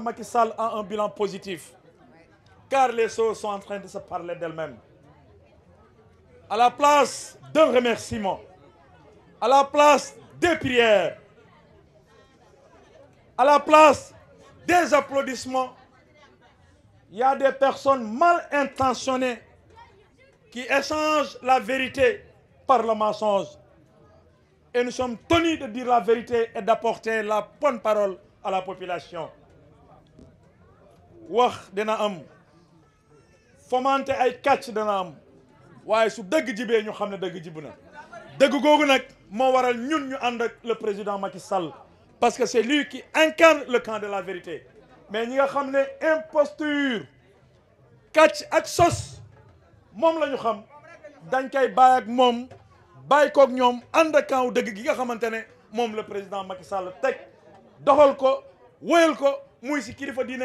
président Macky a un bilan positif, car les choses sont en train de se parler d'elles-mêmes. À la place d'un remerciement, à la place des prières, à la place des applaudissements, il y a des personnes mal intentionnées qui échangent la vérité par le mensonge. Et nous sommes tenus de dire la vérité et d'apporter la bonne parole à la population wax dina am fomante ay catch dina am waye su deug ñu xamné deug deug na nak mo waral ñun ñu le président Macky Sall parce que c'est lui qui incarne le camp de la vérité mais ñi nga imposture catch ak sos mom la xam dañ kay bay ak le camp deug gi nga le président Macky Sall ko ko dina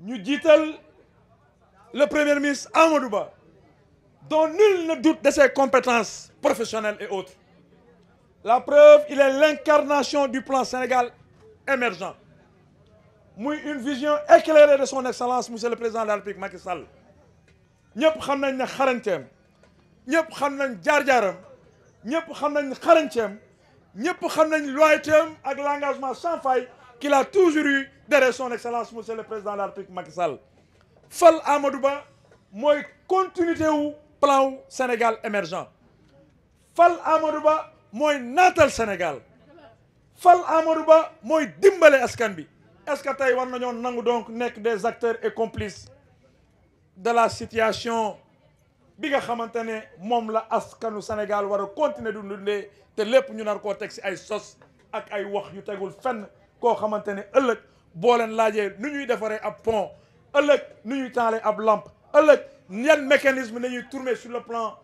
Nous dit-elle le premier ministre Amadouba, dont nul ne doute de ses compétences professionnelles et autres la preuve il est l'incarnation du plan Sénégal émergent une vision éclairée de son excellence M. le président de la République Macky Sall nous xam une ne nous ñëpp xam nañ nous jaaram ñëpp xam nañ xarañteem ñëpp xam nañ ak l'engagement sans faille qu'il a toujours eu derrière son excellence monsieur le président de la République Macky Sall Fall Amadouba, Ba continuité ou plan ou Sénégal émergent Fall Amadouba, Ba natal Sénégal Fall Amadouba, Ba mooy dimbale askan bi est-ce que tey war donc nek des acteurs et complices de la situation bi nga xamante ne moom la askanu Sénégal war continuer du dundee te lépp ñu nar koo teg si ay sos ak ay wax yu fenn nous avons ne un boo nu ñuy defaree ab pont ëllëg nu ñuy taalee ab lampe ëllëg yan mécanisme nañuy tourner sur le plan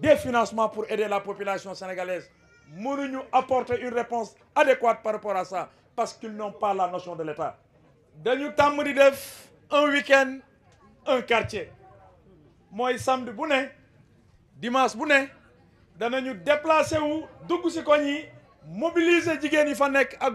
des financements pour aider la population sénégalaise ñu apporter une réponse adéquate par rapport à ça parce qu'ils n'ont pas la notion de l'État dañu tam di def un week-end un quartier moy samedi bu né dimanche bu ne danañu déplacer wu dugg ci koñ yi mobiliser jigéen yi fa nek ak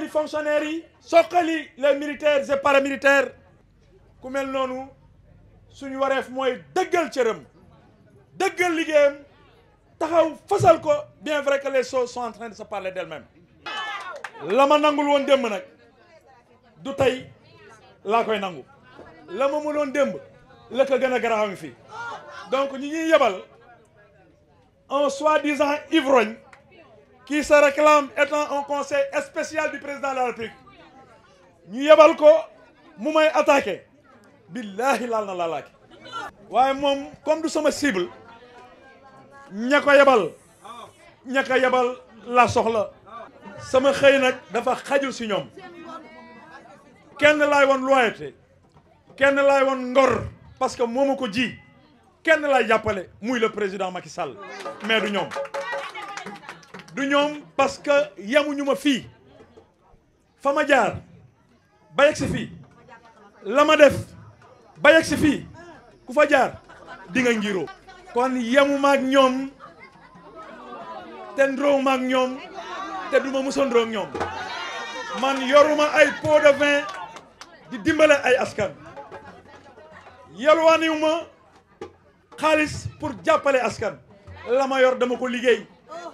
les fonctionnaires yi les militaires et paramilitaires ku mel noonu suñu wareef mooy dëggal cëram dëggal liggéeyam taxaw fasal ko bien vrai que les choses sont en train de se parler d'elles-mêmes la ma nangul woon démb nag du tey laa koy nangu la ma mënoon démb la ko gën a garaaw donc ñi ñuy yebal un soi-disant ivrogne qui se réclame étant un conseil spécial du président de la République Nous yebal ko nous attaqué la comme nous sama cible la soxla sama nous avons dafa la kenn loyauté kenn que nous ngor parce que avons ji le président Macky Sall du ñoom parce que yamuñu ma fii fa ma jaar ba def ba yegg ku fa jaar di nga ngiroo kon yamu maag ñoom te ndróow maag ñoom te du ma ñoom man yoruma ay pot de vin di dimbale ay askan yalwaaniwu ma xaalis pour jàppale askan la ma yor dama ko liggéey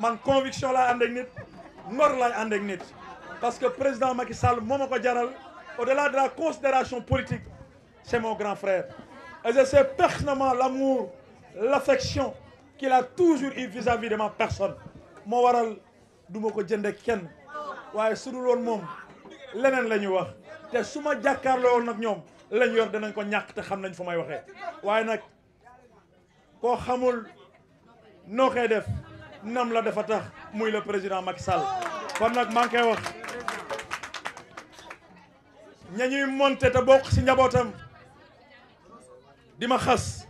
man conviction la ande ak nit ngor laay ande nit parce que président Macky Sall momako jaral au-delà de la considération politique c'est mon grand frère et je sais personnellement l'amour l'affection qu'il a toujours eu vis-à-vis de ma personne mo waral du ma ken waye kenn won mom sur le la wax té suma jakarlo won woon ñom lañ yor dañ ko ñak te xam nañ fu may waxee waaye nag koo xamul no xé def nam la dafa tax muy le président Macky Sall kon nag maa ngi koy wax ñañuy monté te bokk ci njabootam di ma xas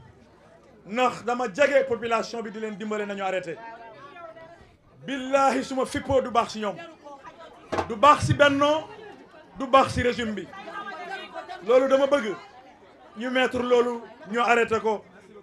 ndax dama jege population bi di leen dimbale nañu arrêté billahi suma fippoo du baax si ñoom du baax si bennoo du baax ci régime bi loolu dama bëgg ñu mettre loolu ñu arrêté ko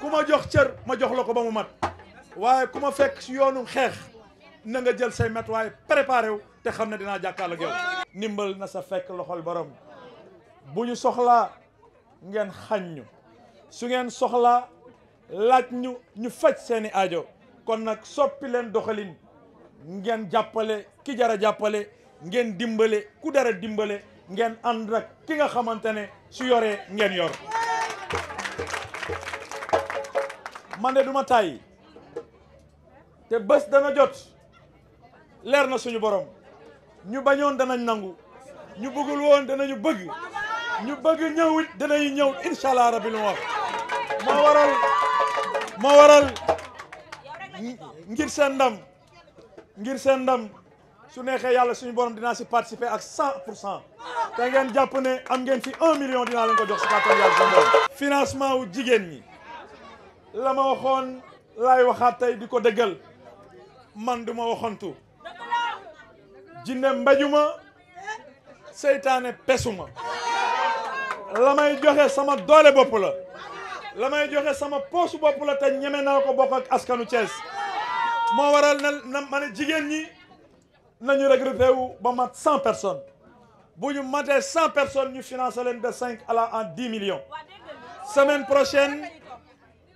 ku ma jox cër ma jox la ko ba mu mat waaye ku ma fekk si yoonu xeex na nga jël say met waaye préparé wu te xam na dinaa jàkkaarloo ak yow. ndimbal na sa fekk loxol borom bu ñu soxlaa ngeen xañ ñu su ngeen soxlaa laaj ñu ñu faj seeni aajo kon nag soppi leen doxalin ngeen jàppale ki jara jàppale ngeen dimbale ku dara dimbale ngeen ànd ak ki nga xamante ne su yoree ngeen yor. man de du ma tàyyi te bés dana jot leer na suñu borom ñu bañoon danañ nangu ñu bëggul woon danañu bëgg ñu bëgg ñëw it danañu ñëw incha allah rabi lu ma wax moo waral moo waral ngir seen ndam ngir seen ndam su neexee yàlla suñu borom dinaa si participer ak cent pour cent te ngeen jàpp ne am ngeen fi un million dinaa leen ko jox si kàttan yàlla financement wu jigéen ñi la ma waxoon laay waxaat la man duma waxantu mbajuma un pesuma la sama dole bop la la sama poosu bop la te ñemé na ko bok ak askanu ties mo waral na man ne ñi nañu recruté wu ba mat cent personnes bu ñu cent personnes ñu financer len de cinq à la en 10 millions semaine prochaine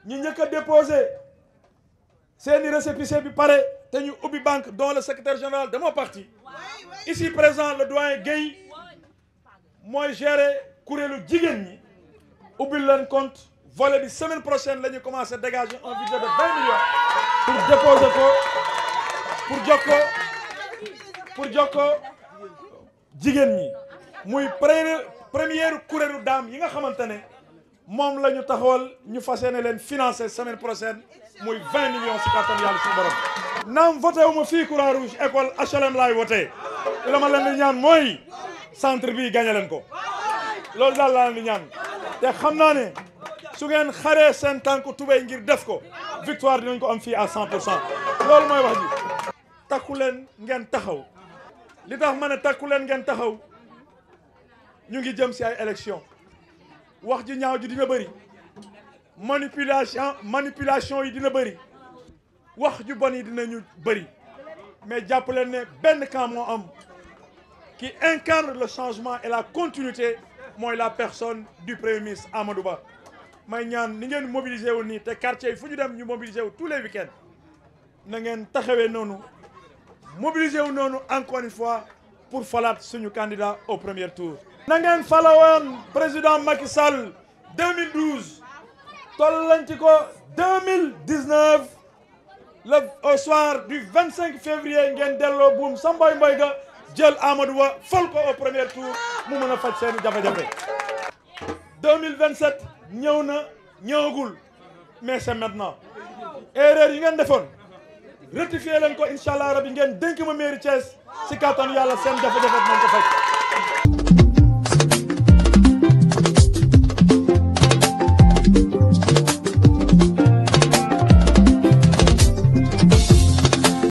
nous ñëk déposé seeni récépissé bi paré. té ñu ubi banque dont le secrétaire général de mon parti ici présent le doyen Gay. moy gérer kuréelu jigen ñi Ubi leen compte volet bi semaine prochaine lañu commencer à dégager un budget de 20 millions pour déposer ko pour joko pour joko jigen ñi muy première première kuréelu daam yi nga moom la ñu taxawal ñu fas yéene leen financer semaine prochaine muy 20 millions si kattan yàlla suñu borom. naam voté wu ma fii Croix Rouge école HLM laay voté la ma leen di ñaan mooy centre bi gagné leen ko loolu daal laa leen di ñaan te xam naa ne su ngeen xaree seen tànk tubéy ngir def ko victoire dinañ ko am fii ak cent pour cent loolu mooy wax ji. takku leen ngeen taxaw li tax ma ne takku leen ngeen taxaw ñu ngi jëm si ay élection wax ji ñaaw manipulation manipulation yi dina bëri wax ju bon yi dinañu bëri mais jappale ne ben camp mo am qui incarne le changement et la continuité moy la personne du premier ministre Amadou Ba may ñaan ni ngeen mobiliser wu ni te quartier yi fu ñu dem ñu mobiliser wu tous les week-ends na ngeen taxawé nonu mobiliser wu nonu encore une fois pour Falat, suñu candidat au premier tour na ngeen président Macky Sall 2012 toll 2019 le soir du 25 février ngeen Dello boom. sa mboy mboy ga jël Amadou fal ko au premier tour mu mën a faj 2027 ñëw na mais c'est maintenant erreur yi ngeen defoon rectifier leen ko incha allah rabi ngeen dénk ma mairie Thiès si kattan yàlla seen jafe-jafe nañ ko faj.